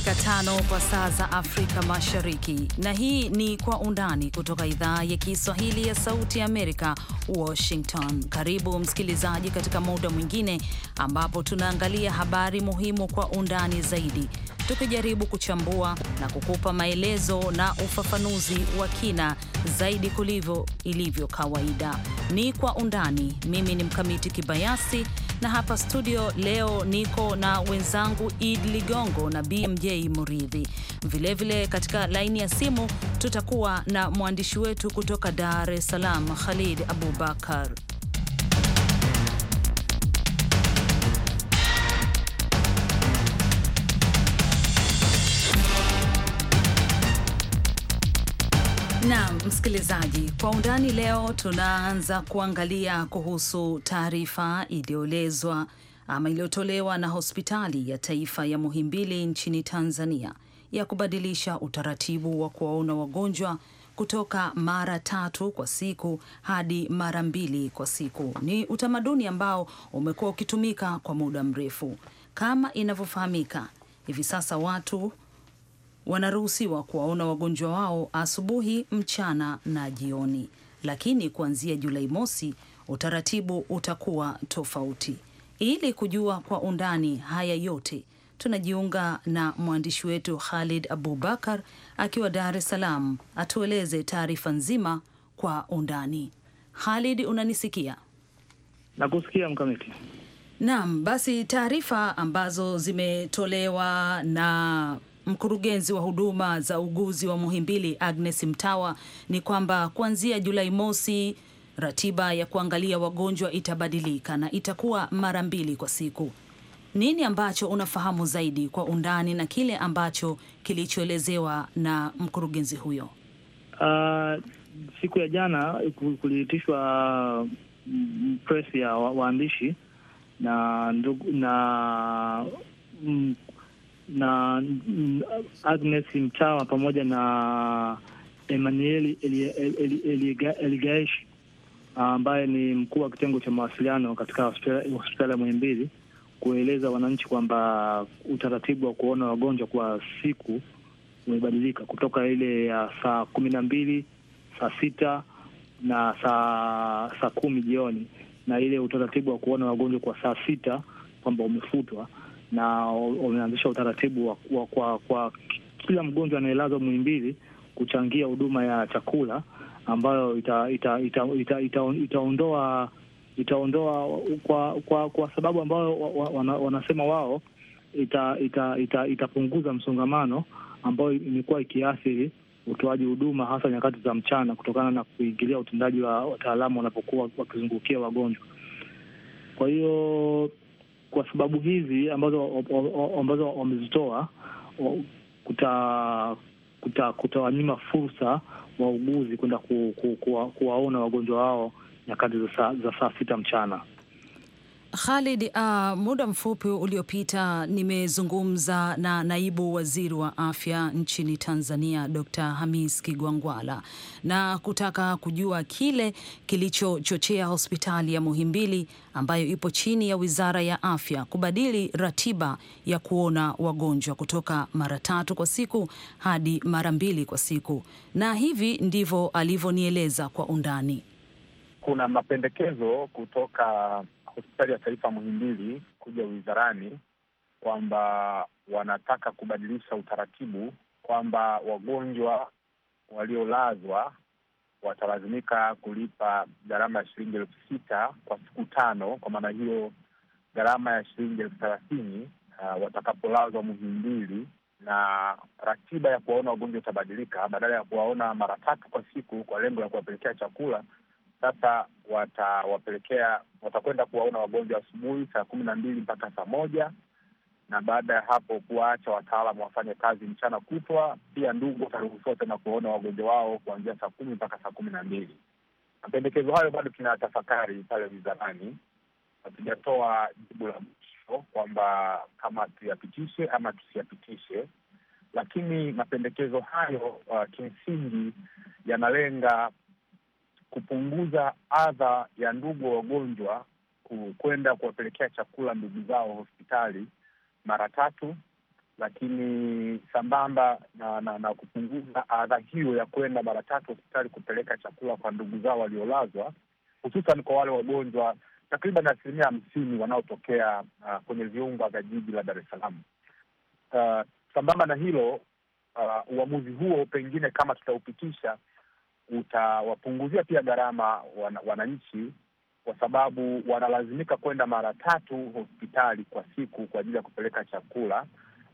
dakika tano kwa saa za Afrika Mashariki, na hii ni Kwa Undani kutoka idhaa ya Kiswahili ya Sauti ya Amerika, Washington. Karibu msikilizaji, katika muda mwingine ambapo tunaangalia habari muhimu kwa undani zaidi, tukijaribu kuchambua na kukupa maelezo na ufafanuzi wa kina zaidi kulivyo ilivyo kawaida. Ni Kwa Undani. Mimi ni Mkamiti Kibayasi na hapa studio leo niko na wenzangu Id Ligongo na BMJ Muridhi. Vilevile katika laini ya simu tutakuwa na mwandishi wetu kutoka Dar es Salaam Khalid Abubakar. Msikilizaji, kwa undani leo tunaanza kuangalia kuhusu taarifa iliyoelezwa ama iliyotolewa na hospitali ya taifa ya Muhimbili nchini Tanzania ya kubadilisha utaratibu wa kuwaona wagonjwa kutoka mara tatu kwa siku hadi mara mbili kwa siku. Ni utamaduni ambao umekuwa ukitumika kwa muda mrefu. Kama inavyofahamika, hivi sasa watu wanaruhusiwa kuwaona wagonjwa wao asubuhi, mchana na jioni, lakini kuanzia Julai mosi utaratibu utakuwa tofauti. Ili kujua kwa undani haya yote, tunajiunga na mwandishi wetu Khalid Abubakar akiwa Dar es Salaam, atueleze taarifa nzima kwa undani. Khalid, unanisikia? Nakusikia Mkamiti. Naam, basi taarifa ambazo zimetolewa na Mkurugenzi wa huduma za uguzi wa Muhimbili Agnes Mtawa ni kwamba kuanzia Julai mosi ratiba ya kuangalia wagonjwa itabadilika na itakuwa mara mbili kwa siku. Nini ambacho unafahamu zaidi kwa undani na kile ambacho kilichoelezewa na mkurugenzi huyo? Uh, siku ya jana kuliitishwa mm, press ya waandishi na ndugu na mm, na mm, Agnes Mtawa pamoja na Emmanuel Eligaish ah, ambaye ni mkuu wa kitengo cha mawasiliano katika hospitali ya Muhimbili kueleza wananchi kwamba utaratibu wa kuona wagonjwa kwa siku umebadilika kutoka ile ya saa kumi na mbili, saa sita na saa saa kumi jioni na ile utaratibu wa kuona wagonjwa kwa saa sita kwamba umefutwa na wameanzisha utaratibu wa kwa, kwa, kwa kila mgonjwa anayelazwa Muhimbili kuchangia huduma ya chakula ambayo itaondoa ita, ita, ita, ita, ita itaondoa kwa, kwa, kwa sababu ambayo wanasema wao itapunguza ita, ita, msongamano ambayo imekuwa ikiathiri utoaji huduma hasa nyakati za mchana kutokana na kuingilia utendaji wa wataalamu wanapokuwa wakizungukia wagonjwa. Kwa hiyo kwa sababu hizi ambazo ambazo wamezitoa kuta kutawanyima fursa wauguzi kwenda ku, ku, ku, kuwaona wagonjwa wao nyakati za saa sita mchana. Khalid, uh, muda mfupi uliopita nimezungumza na naibu waziri wa afya nchini Tanzania Dr. Hamis Kigwangwala na kutaka kujua kile kilichochochea hospitali ya Muhimbili ambayo ipo chini ya Wizara ya Afya kubadili ratiba ya kuona wagonjwa kutoka mara tatu kwa siku hadi mara mbili kwa siku, na hivi ndivyo alivyonieleza kwa undani. Kuna mapendekezo kutoka hospitali ya taifa Muhimbili kuja wizarani kwamba wanataka kubadilisha utaratibu kwamba wagonjwa waliolazwa watalazimika kulipa gharama ya shilingi elfu sita kwa siku tano. Kwa maana hiyo gharama ya shilingi elfu thelathini uh, watakapolazwa Muhimbili, na ratiba ya kuwaona wagonjwa itabadilika. Badala ya kuwaona mara tatu kwa siku kwa lengo la kuwapelekea chakula, sasa watawapelekea watakwenda kuwaona wagonjwa asubuhi saa kumi na mbili mpaka saa moja na baada ya hapo kuwaacha wataalamu wafanye kazi mchana kutwa. Pia ndugu wataruhusiwa tena kuwaona wagonjwa wao kuanzia saa kumi mpaka saa kumi na mbili. Mapendekezo hayo bado tafakari pale wizarani, hatujatoa jibu la mwisho kwamba kama tuyapitishe ama tusiyapitishe, lakini mapendekezo hayo uh, kimsingi yanalenga kupunguza adha ya ndugu wagonjwa kwenda kuwapelekea chakula ndugu zao hospitali mara tatu, lakini sambamba na, na, na kupunguza adha hiyo ya kwenda mara tatu hospitali kupeleka chakula kwa ndugu zao waliolazwa, hususan kwa wale wagonjwa takriban asilimia hamsini wanaotokea uh, kwenye viunga vya jiji la Dar es Salaam. Uh, sambamba na hilo, uh, uamuzi huo pengine kama tutaupitisha utawapunguzia pia gharama wananchi kwa sababu wanalazimika kwenda mara tatu hospitali kwa siku kwa ajili ya kupeleka chakula,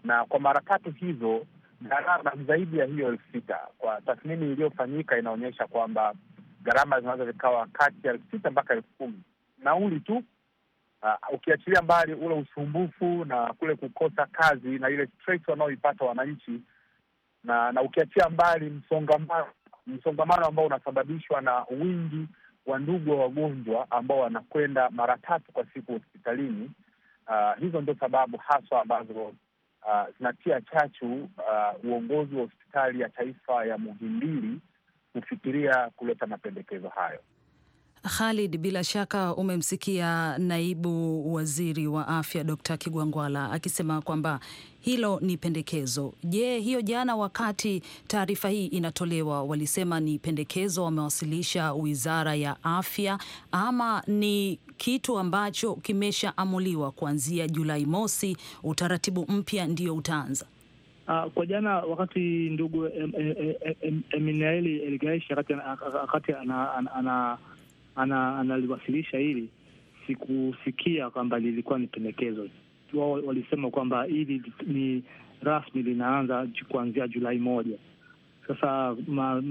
na kwa mara tatu hizo gharama zaidi ya hiyo elfu sita. Kwa tathmini iliyofanyika inaonyesha kwamba gharama zinaweza zikawa kati ya elfu sita mpaka elfu kumi nauli tu. Uh, ukiachilia mbali ule usumbufu na kule kukosa kazi na ile stress wanaoipata wananchi na na ukiachia mbali msongamano msongamano ambao unasababishwa na wingi wa ndugu wa wagonjwa ambao wanakwenda mara tatu kwa siku hospitalini. Uh, hizo ndio sababu haswa ambazo ah, zinatia uh, chachu uh, uongozi wa hospitali ya taifa ya Muhimbili kufikiria kuleta mapendekezo hayo. Khalid, bila shaka umemsikia naibu waziri wa afya Dr. Kigwangwala akisema kwamba hilo ni pendekezo. Je, hiyo jana wakati taarifa hii inatolewa walisema ni pendekezo wamewasilisha Wizara ya Afya ama ni kitu ambacho kimeshaamuliwa kuanzia Julai mosi utaratibu mpya ndio utaanza? Uh, kwa jana wakati ndugu Eminaeli Elgaishi wakati ana analiwasilisha hili, sikusikia kwamba lilikuwa ni pendekezo. Wao walisema kwamba hili ni rasmi, linaanza kuanzia Julai moja. Sasa ma,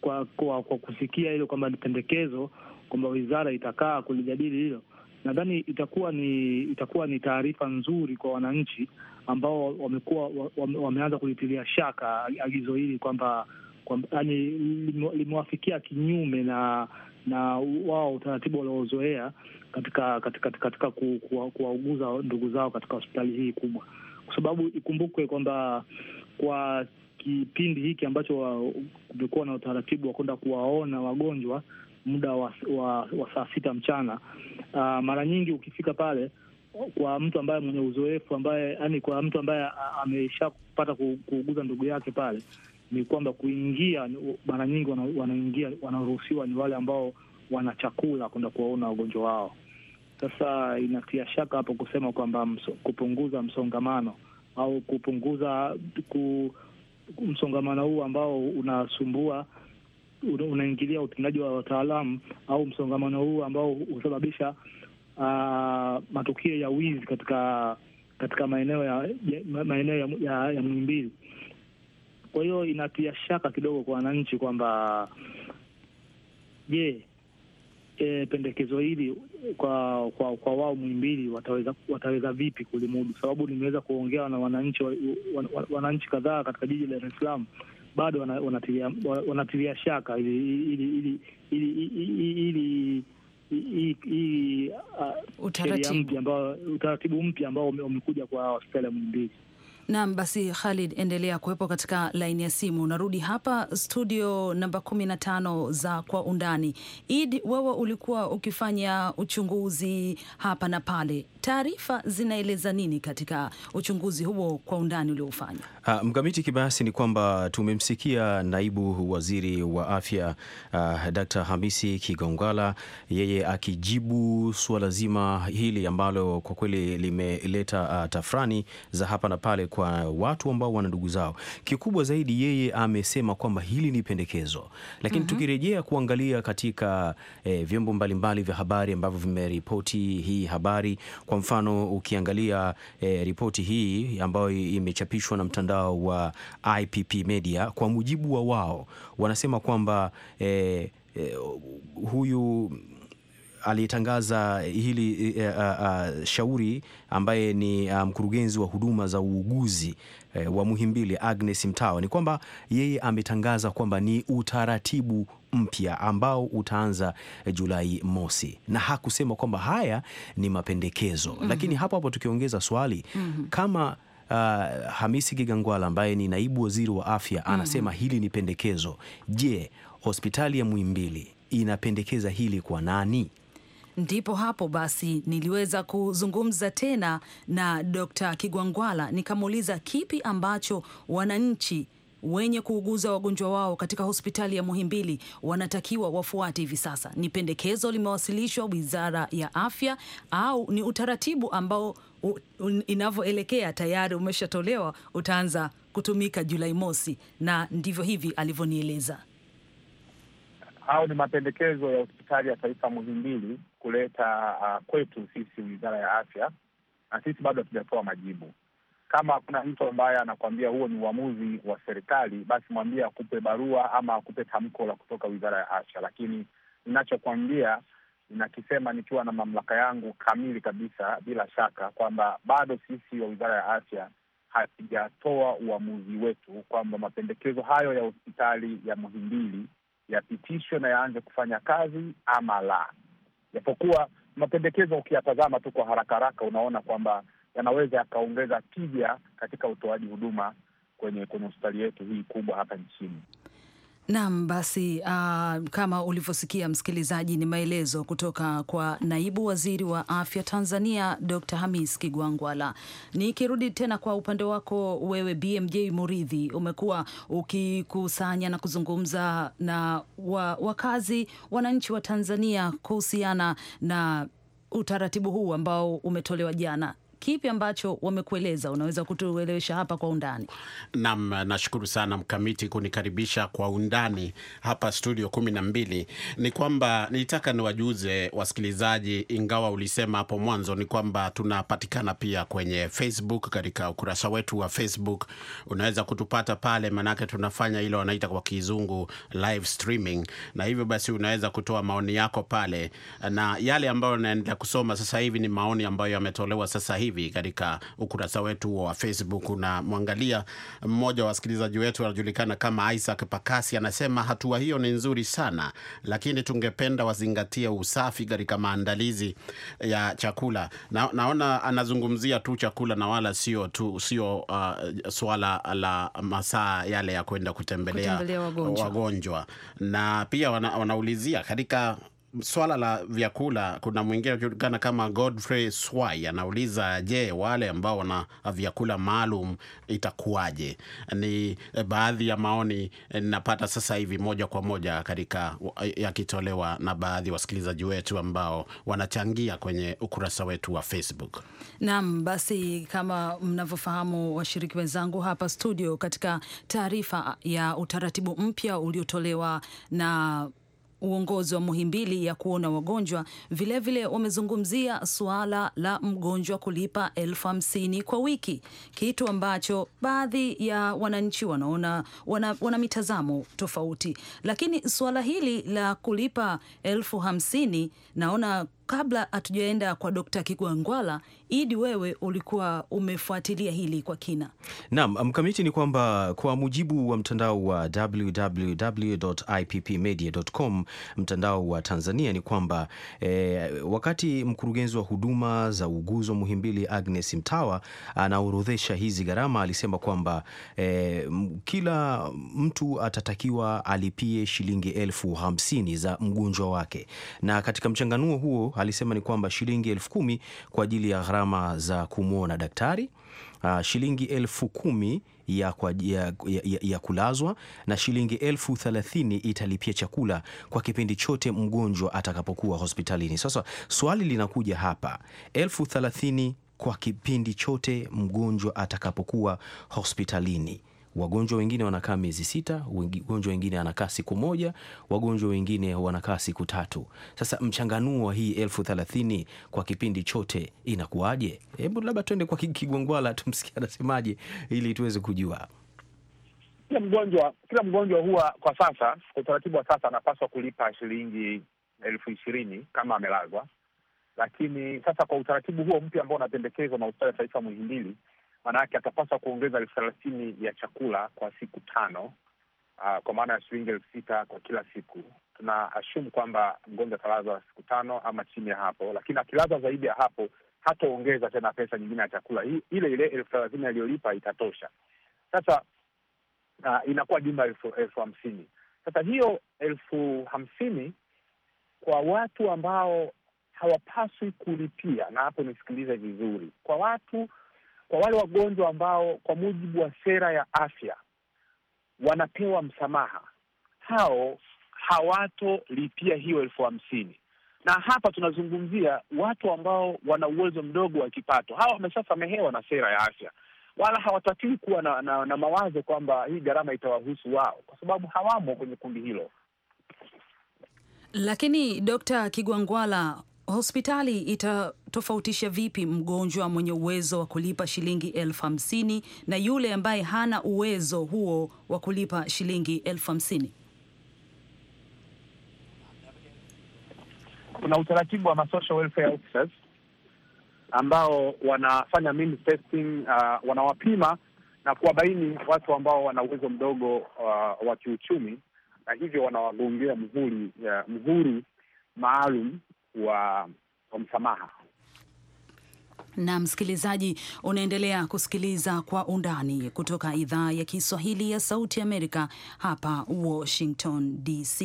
kwa, kwa, kwa kusikia hilo kwamba ni pendekezo kwamba wizara itakaa kulijadili hilo, nadhani itakuwa ni itakuwa ni taarifa nzuri kwa wananchi ambao wamekuwa wameanza kulitilia shaka agizo hili kwamba, kwa, yani limewafikia kinyume na na wao utaratibu waliozoea katika katika katika kuwauguza kuwa ndugu zao katika hospitali hii kubwa, kwa sababu ikumbukwe kwamba kwa kipindi hiki ambacho kumekuwa na utaratibu wa kwenda kuwaona wagonjwa muda wa, wa, wa saa sita mchana. Uh, mara nyingi ukifika pale kwa mtu ambaye mwenye uzoefu ambaye, yani, kwa mtu ambaye ameshapata kuuguza ndugu yake pale, ni kwamba kuingia mara nyingi wanaingia wanaruhusiwa ni wale ambao wana chakula kwenda kuwaona wagonjwa wao. Sasa inatia shaka hapo kusema kwamba mso, kupunguza msongamano au kupunguza ku, msongamano huu ambao unasumbua unaingilia utendaji wa wataalamu au msongamano huu ambao husababisha uh, matukio ya wizi katika katika maeneo ya, mwimbili maeneo ya, ya, ya kwa hiyo inatia shaka kidogo kwa wananchi kwamba je, e, pendekezo hili kwa kwa kwa wao Muhimbili wataweza wataweza vipi kulimudu? Sababu nimeweza kuongea na wananchi wananchi kadhaa katika jiji la Dar es Salaam bado wanatilia shaka ili ili hii uh, utaratibu mpya ambao umekuja kwa hospitali ya Muhimbili. Naam, basi Khalid, endelea kuwepo katika laini ya simu. Narudi hapa studio namba 15 za Kwa Undani. Id, wewe ulikuwa ukifanya uchunguzi hapa na pale Taarifa zinaeleza nini katika uchunguzi huo kwa undani uliofanya? Uh, ah, mkamiti kibayasi ni kwamba tumemsikia naibu waziri wa afya uh, Dr. Hamisi Kigongala, yeye akijibu suala zima hili ambalo kwa kweli limeleta uh, tafrani za hapa na pale kwa watu ambao wana ndugu zao. Kikubwa zaidi, yeye amesema kwamba hili ni pendekezo, lakini mm -hmm. tukirejea kuangalia katika eh, vyombo mbalimbali vya habari ambavyo vimeripoti hii habari kwa mfano ukiangalia e, ripoti hii ambayo imechapishwa na mtandao wa IPP Media, kwa mujibu wa wao wanasema kwamba e, e, huyu aliyetangaza hili uh, uh, shauri ambaye ni uh, mkurugenzi wa huduma za uuguzi uh, wa Muhimbili Agnes Mtawa ni kwamba yeye ametangaza kwamba ni utaratibu mpya ambao utaanza Julai mosi, na hakusema kwamba haya ni mapendekezo mm -hmm. Lakini hapo hapo tukiongeza swali mm -hmm. kama Uh, Hamisi Kigangwala ambaye ni naibu waziri wa afya mhm. anasema mm -hmm. hili ni pendekezo. Je, hospitali ya Muhimbili inapendekeza hili kwa nani? Ndipo hapo basi niliweza kuzungumza tena na Dr. Kigwangwala nikamuuliza kipi ambacho wananchi wenye kuuguza wagonjwa wao katika hospitali ya Muhimbili wanatakiwa wafuate hivi sasa. Ni pendekezo limewasilishwa Wizara ya Afya au ni utaratibu ambao inavyoelekea tayari umeshatolewa utaanza kutumika Julai mosi? Na ndivyo hivi alivyonieleza. Hao ni mapendekezo ya hospitali ya taifa Muhimbili kuleta uh, kwetu sisi wizara ya afya, na sisi bado hatujatoa majibu. Kama kuna mtu ambaye anakuambia huo ni uamuzi wa serikali, basi mwambie akupe barua ama akupe tamko la kutoka wizara ya afya, lakini inachokuambia nakisema nikiwa na mamlaka yangu kamili kabisa, bila shaka kwamba bado sisi wa wizara ya afya hatujatoa uamuzi wetu kwamba mapendekezo hayo ya hospitali ya Muhimbili yapitishwe na yaanze kufanya kazi ama la japokuwa mapendekezo ukiyatazama tu kwa haraka haraka unaona kwamba yanaweza yakaongeza tija katika utoaji huduma kwenye kwenye hospitali yetu hii kubwa hapa nchini. Naam, basi uh, kama ulivyosikia msikilizaji, ni maelezo kutoka kwa naibu waziri wa afya Tanzania, Dr. Hamis Kigwangwala. Nikirudi tena kwa upande wako wewe, BMJ Muridhi, umekuwa ukikusanya na kuzungumza na wa, wakazi wananchi wa Tanzania kuhusiana na utaratibu huu ambao umetolewa jana kipi ambacho wamekueleza? Unaweza kutuelewesha hapa kwa undani? Naam, nashukuru sana Mkamiti kunikaribisha kwa undani hapa studio kumi na mbili. Ni kwamba nilitaka niwajuze wasikilizaji, ingawa ulisema hapo mwanzo, ni kwamba tunapatikana pia kwenye Facebook, katika ukurasa wetu wa Facebook unaweza kutupata pale, manake tunafanya ile wanaita kwa kizungu live streaming, na hivyo basi unaweza kutoa maoni yako pale, na yale ambayo naendelea kusoma sasa hivi ni maoni ambayo yametolewa sasa hivi hivi katika ukurasa wetu wa Facebook. Unamwangalia mmoja wa wasikilizaji wetu anajulikana kama Isaac Pakasi, anasema hatua hiyo ni nzuri sana, lakini tungependa wazingatie usafi katika maandalizi ya chakula. Na, naona anazungumzia tu chakula na wala sio tu sio uh, swala la masaa yale ya kwenda kutembelea, kutembelea wagonjwa. wagonjwa na pia wana, wanaulizia katika swala la vyakula, kuna mwingine anajulikana kama Godfrey Swai anauliza, je, wale ambao wana vyakula maalum itakuwaje? Ni eh, baadhi ya maoni ninapata eh, sasa hivi moja kwa moja katika eh, yakitolewa na baadhi ya wasikilizaji wetu ambao wanachangia kwenye ukurasa wetu wa Facebook. Naam, basi kama mnavyofahamu washiriki wenzangu hapa studio, katika taarifa ya utaratibu mpya uliotolewa na uongozi wa Muhimbili ya kuona wagonjwa vilevile wamezungumzia suala la mgonjwa kulipa elfu hamsini kwa wiki, kitu ambacho baadhi ya wananchi wanaona wana, wana mitazamo tofauti, lakini suala hili la kulipa elfu hamsini naona kabla hatujaenda kwa Dokta Kigwangwala, Idi, wewe ulikuwa umefuatilia hili kwa kina. Naam, mkamiti ni kwamba kwa mujibu wa mtandao wa www.ippmedia.com mtandao wa Tanzania ni kwamba e, wakati mkurugenzi wa huduma za uguzo Muhimbili Agnes Mtawa anaorodhesha hizi gharama alisema kwamba e, kila mtu atatakiwa alipie shilingi elfu hamsini za mgonjwa wake, na katika mchanganuo huo alisema ni kwamba shilingi elfu kumi kwa ajili ya gharama za kumwona daktari, uh, shilingi elfu kumi ya, kwa, ya, ya, ya kulazwa na shilingi elfu thelathini italipia chakula kwa kipindi chote mgonjwa atakapokuwa hospitalini. Sasa swali linakuja hapa, elfu thelathini kwa kipindi chote mgonjwa atakapokuwa hospitalini Wagonjwa wengine wanakaa miezi sita, wagonjwa wengine anakaa siku moja, wagonjwa wengine wanakaa siku tatu. Sasa mchanganuo wa hii elfu thelathini kwa kipindi chote inakuwaje? Hebu labda tuende kwa Kigwangwala tumsikia anasemaje ili tuweze kujua. Kila mgonjwa kila mgonjwa huwa kwa sasa, kwa utaratibu wa sasa, anapaswa kulipa shilingi elfu ishirini kama amelazwa, lakini sasa kwa utaratibu huo mpya ambao unapendekezwa na hospitali ya taifa Muhimbili Maanake atapaswa kuongeza elfu thelathini ya chakula kwa siku tano, uh, kwa maana ya shilingi elfu sita kwa kila siku. Tuna ashumu kwamba mgonjwa atalazwa siku tano ama chini ya hapo, lakini akilazwa zaidi ya hapo hataongeza tena pesa nyingine ya chakula. ile ile elfu thelathini aliyolipa itatosha. Sasa uh, inakuwa jumla elfu hamsini. Sasa hiyo elfu hamsini kwa watu ambao hawapaswi kulipia, na hapo nisikilize vizuri, kwa watu kwa wale wagonjwa ambao kwa mujibu wa sera ya afya wanapewa msamaha, hao hawatolipia hiyo elfu hamsini na hapa tunazungumzia watu ambao wana uwezo mdogo wa kipato. Hawa wameshasamehewa na sera ya afya, wala hawatakiwi kuwa na, na, na mawazo kwamba hii gharama itawahusu wao, kwa sababu hawamo kwenye kundi hilo. Lakini Dkt. Kigwangwala, hospitali itatofautisha vipi mgonjwa mwenye uwezo wa kulipa shilingi elfu hamsini na yule ambaye hana uwezo huo wa kulipa shilingi elfu hamsini? Kuna utaratibu wa masocial welfare officers ambao wanafanya means testing, uh, wanawapima na kuwabaini watu ambao wana uwezo mdogo uh, wa kiuchumi na hivyo wanawagongea mhuri uh, mhuri maalum wa, wa msamaha. Na msikilizaji, unaendelea kusikiliza Kwa Undani kutoka idhaa ya Kiswahili ya Sauti Amerika hapa Washington DC.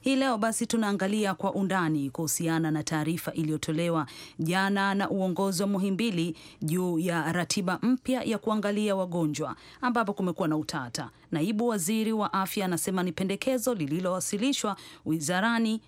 Hii leo basi tunaangalia kwa undani kuhusiana na taarifa iliyotolewa jana na uongozi wa Muhimbili juu ya ratiba mpya ya kuangalia wagonjwa, ambapo kumekuwa na utata. Naibu waziri wa afya anasema ni pendekezo lililowasilishwa wizarani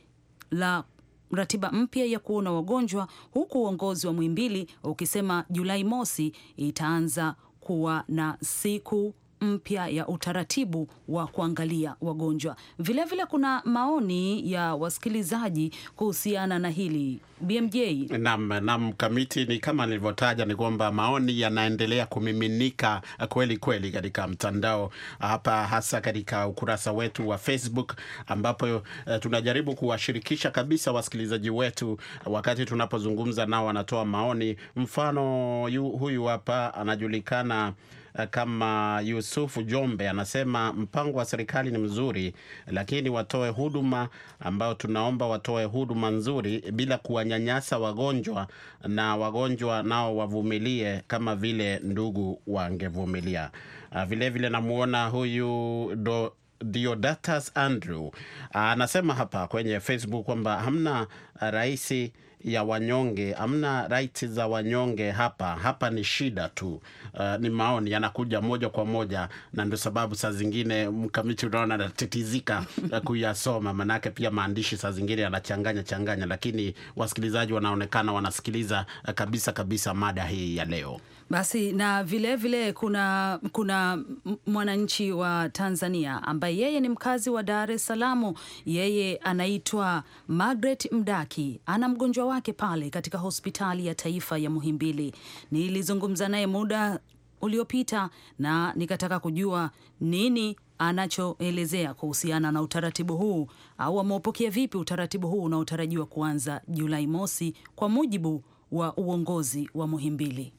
la ratiba mpya ya kuona wagonjwa, huku uongozi wa Muhimbili ukisema Julai mosi itaanza kuwa na siku mpya ya utaratibu wa kuangalia wagonjwa. Vilevile vile kuna maoni ya wasikilizaji kuhusiana na hili BMJ. Naam, naam, kamiti ni kama nilivyotaja, ni kwamba maoni yanaendelea kumiminika kweli kweli katika mtandao hapa, hasa katika ukurasa wetu wa Facebook ambapo uh, tunajaribu kuwashirikisha kabisa wasikilizaji wetu wakati tunapozungumza nao, wanatoa maoni. Mfano yu, huyu hapa anajulikana Eh, kama Yusufu Jombe anasema mpango wa serikali ni mzuri, lakini watoe huduma ambao tunaomba watoe huduma nzuri bila kuwanyanyasa wagonjwa, na wagonjwa nao wavumilie kama vile ndugu wangevumilia. Eh, Vilevile namwona huyu do Diodatas Andrew eh, anasema hapa kwenye Facebook kwamba hamna raisi ya wanyonge, amna right za wanyonge hapa. Hapa ni shida tu. Uh, ni maoni yanakuja moja kwa moja, na ndio sababu saa zingine mkamiti, unaona anatetizika eh, kuyasoma, manake pia maandishi saa zingine yanachanganya changanya, lakini wasikilizaji wanaonekana wanasikiliza eh, kabisa kabisa mada hii ya leo. Basi na vilevile vile kuna, kuna mwananchi wa Tanzania ambaye yeye ni mkazi wa Dar es Salaam, yeye anaitwa Margaret Mdaki, ana mgonjwa wake pale katika hospitali ya taifa ya Muhimbili. Nilizungumza naye muda uliopita na nikataka kujua nini anachoelezea kuhusiana na utaratibu huu au ameupokea vipi utaratibu huu unaotarajiwa kuanza Julai mosi kwa mujibu wa uongozi wa Muhimbili.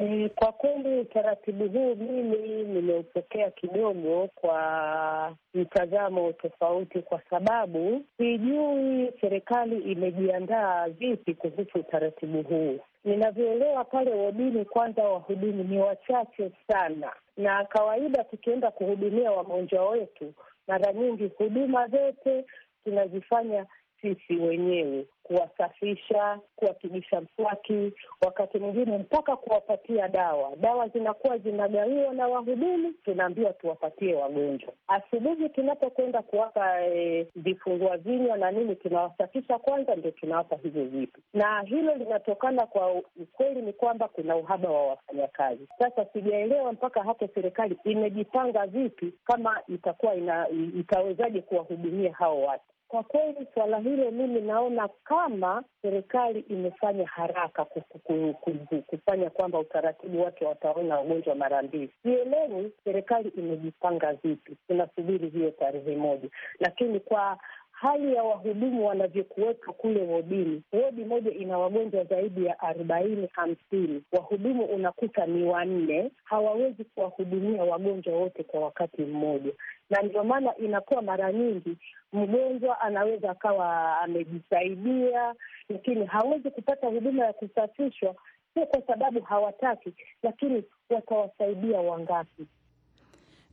E, kwa kweli utaratibu huu mimi nimeupokea kidogo kwa mtazamo tofauti, kwa sababu sijui serikali imejiandaa vipi kuhusu utaratibu huu. Ninavyoelewa pale wodini, kwanza wahudumu ni wachache sana, na kawaida tukienda kuhudumia wagonjwa wetu, mara nyingi huduma zote tunazifanya sisi wenyewe, kuwasafisha, kuwapigisha mswaki, wakati mwingine mpaka kuwapatia dawa. Dawa zinakuwa zinagawiwa na wahudumu, tunaambiwa tuwapatie wagonjwa. Asubuhi tunapokwenda kuwapa e, vifungua e, vinywa na nini, tunawasafisha kwanza, ndio tunawapa hivyo vitu, na hilo linatokana kwa ukweli ni kwamba kuna uhaba wa wafanyakazi. Sasa sijaelewa mpaka hapo serikali imejipanga vipi, kama itakuwa ina, itawezaje kuwahudumia hao watu. Kwa kweli suala hilo mimi naona kama serikali imefanya haraka kufanya kwamba utaratibu wake wataona wagonjwa mara mbili. Sielewi serikali imejipanga vipi, tunasubiri hiyo tarehe moja, lakini kwa hali ya wahudumu wanavyokuwepo kule wodini. Wodi moja ina wagonjwa zaidi ya arobaini hamsini, wahudumu unakuta ni wanne, hawawezi kuwahudumia wagonjwa wote kwa wakati mmoja, na ndio maana inakuwa mara nyingi mgonjwa anaweza akawa amejisaidia, lakini hawezi kupata huduma ya kusafishwa, sio kwa sababu hawataki, lakini watawasaidia wangapi?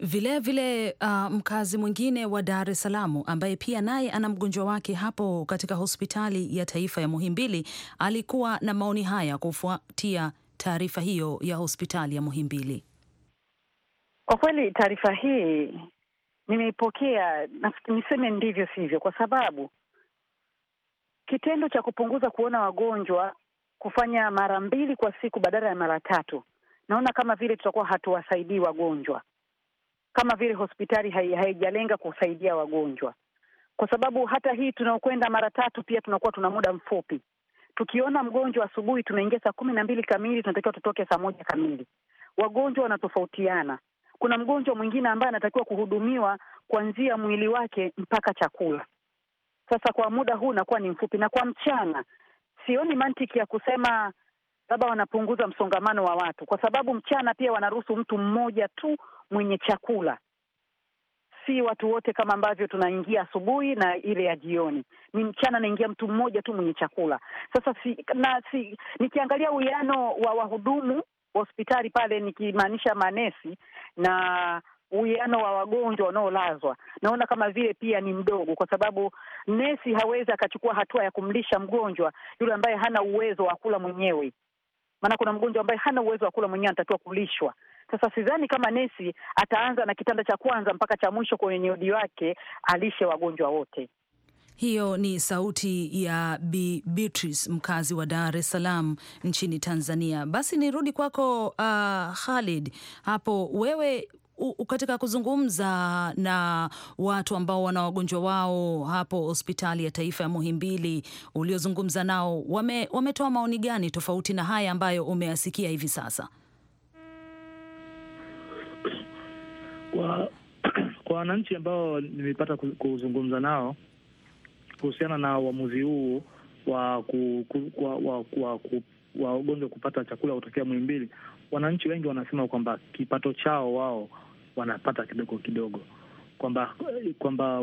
Vilevile uh, mkazi mwingine wa Dar es Salaam ambaye pia naye ana mgonjwa wake hapo katika hospitali ya taifa ya Muhimbili alikuwa na maoni haya kufuatia taarifa hiyo ya hospitali ya Muhimbili. Kwa kweli taarifa hii nimeipokea, niseme ndivyo sivyo, kwa sababu kitendo cha kupunguza kuona wagonjwa kufanya mara mbili kwa siku badala ya mara tatu, naona kama vile tutakuwa hatuwasaidii wagonjwa kama vile hospitali haijalenga kusaidia wagonjwa, kwa sababu hata hii tunaokwenda mara tatu pia tunakuwa tuna muda mfupi. Tukiona mgonjwa asubuhi, tunaingia saa kumi na mbili kamili, tunatakiwa tutoke saa moja kamili. Wagonjwa wanatofautiana. Kuna mgonjwa mwingine ambaye anatakiwa kuhudumiwa kuanzia mwili wake mpaka chakula. Sasa kwa muda huu unakuwa ni mfupi, na kwa mchana sioni mantiki ya kusema labda wanapunguza msongamano wa watu, kwa sababu mchana pia wanaruhusu mtu mmoja tu mwenye chakula, si watu wote kama ambavyo tunaingia asubuhi na ile ya jioni. Ni mchana naingia mtu mmoja tu mwenye chakula. Sasa si, na si, nikiangalia uwiano wa wahudumu wa hospitali pale, nikimaanisha manesi na uwiano wa wagonjwa wanaolazwa naona kama vile pia ni mdogo, kwa sababu nesi hawezi akachukua hatua ya kumlisha mgonjwa yule ambaye hana uwezo wa kula mwenyewe. Maana kuna mgonjwa ambaye hana uwezo wa kula mwenyewe, anatakiwa kulishwa, sasa sidhani kama nesi ataanza na kitanda cha kwanza mpaka cha mwisho kwenye wodi wake alishe wagonjwa wote. Hiyo ni sauti ya Bi Beatrice, mkazi wa Dar es Salaam nchini Tanzania. Basi nirudi kwako, uh, Khalid, hapo wewe katika kuzungumza na watu ambao wana wagonjwa wao hapo hospitali ya taifa ya Muhimbili uliozungumza nao, wametoa wame maoni gani tofauti na haya ambayo umeyasikia hivi sasa? Kwa kwa wananchi ambao nimepata kuzungumza nao kuhusiana na uamuzi huu wa ku, ku, wa, wa, wa, wa ugonjwa kupata chakula kutokea Muhimbili, wananchi wengi wanasema kwamba kipato chao wao wanapata kidogo kidogo, kwamba kwamba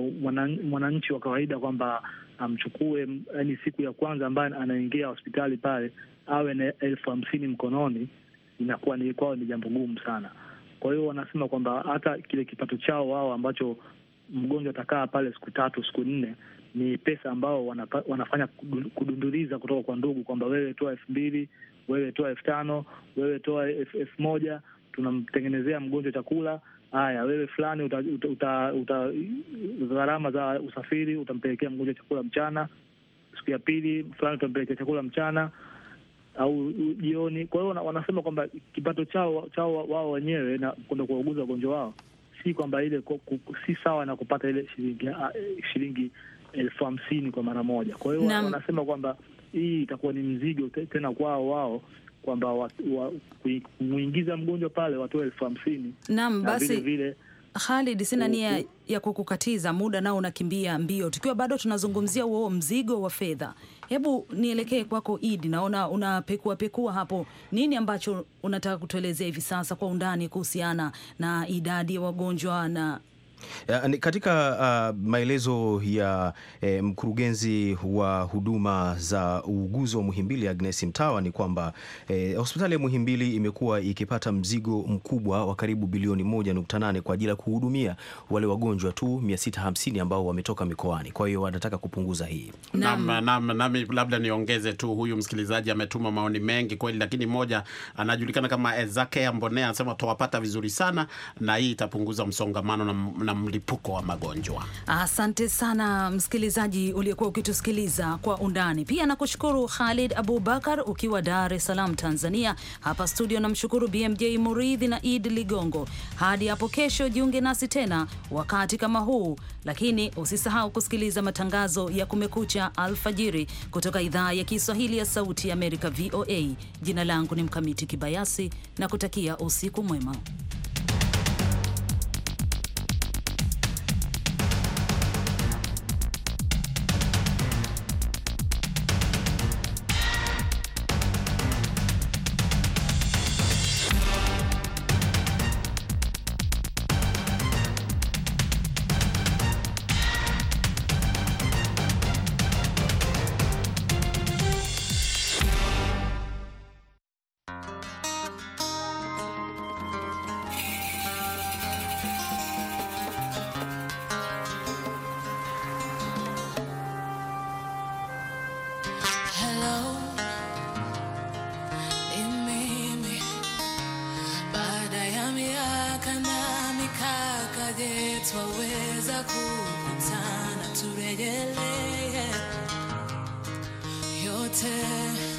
mwananchi wa kawaida kwamba amchukue, yaani siku ya kwanza ambaye anaingia hospitali pale awe na elfu hamsini mkononi, inakuwa ni kwao ni jambo gumu sana. Kwa hiyo wanasema kwamba hata kile kipato chao wao ambacho mgonjwa atakaa pale siku tatu siku nne ni pesa ambao wanapa, wanafanya kudunduliza kutoka kwa ndugu kwamba wewe toa elfu mbili wewe toa elfu tano wewe toa elfu moja tunamtengenezea mgonjwa chakula. Haya, wewe fulani uta, uta, uta gharama za usafiri utampelekea mgonjwa chakula mchana, siku ya pili fulani utampelekea chakula mchana au jioni. Kwa hiyo wanasema kwamba kipato chao chao wao wenyewe na kwenda kuwauguza wagonjwa wao si kwamba ile si sawa na kupata ile shilingi ah, eh, shilingi elfu hamsini kwa mara moja. Kwa hiyo wanasema kwamba hii itakuwa ni mzigo tena kwao wao kwamba kumwingiza mgonjwa pale watoe elfu hamsini. Naam, basi vile vile Khalid, sina nia ya kukukatiza muda, nao unakimbia mbio, tukiwa bado tunazungumzia huo mzigo wa fedha Hebu nielekee kwako Idi, naona unapekua pekua hapo. Nini ambacho unataka kutuelezea hivi sasa kwa undani kuhusiana na idadi ya wagonjwa na Eh, katika uh, maelezo ya eh, mkurugenzi wa huduma za uuguzi wa Muhimbili Agnes Mtawa ni kwamba eh, hospitali ya Muhimbili imekuwa ikipata mzigo mkubwa wa karibu bilioni 1.8 kwa ajili ya kuhudumia wale wagonjwa tu 650 ambao wametoka mikoani. Kwa hiyo wanataka kupunguza hii. Naam, naam, nami labda niongeze tu, huyu msikilizaji ametuma maoni mengi kweli, lakini moja anajulikana kama Ezake Ambonea, anasema tuwapata vizuri sana na hii itapunguza msongamano na na mlipuko wa magonjwa. Asante sana msikilizaji uliyekuwa ukitusikiliza kwa undani. Pia nakushukuru Khalid Abubakar ukiwa Dar es Salaam, Tanzania. Hapa studio namshukuru BMJ Muridhi na Id Ligongo. Hadi hapo kesho, jiunge nasi tena wakati kama huu, lakini usisahau kusikiliza matangazo ya Kumekucha alfajiri kutoka idhaa ya Kiswahili ya Sauti ya Amerika, VOA. Jina langu ni Mkamiti Kibayasi na kutakia usiku mwema. yeah, yeah. Your time.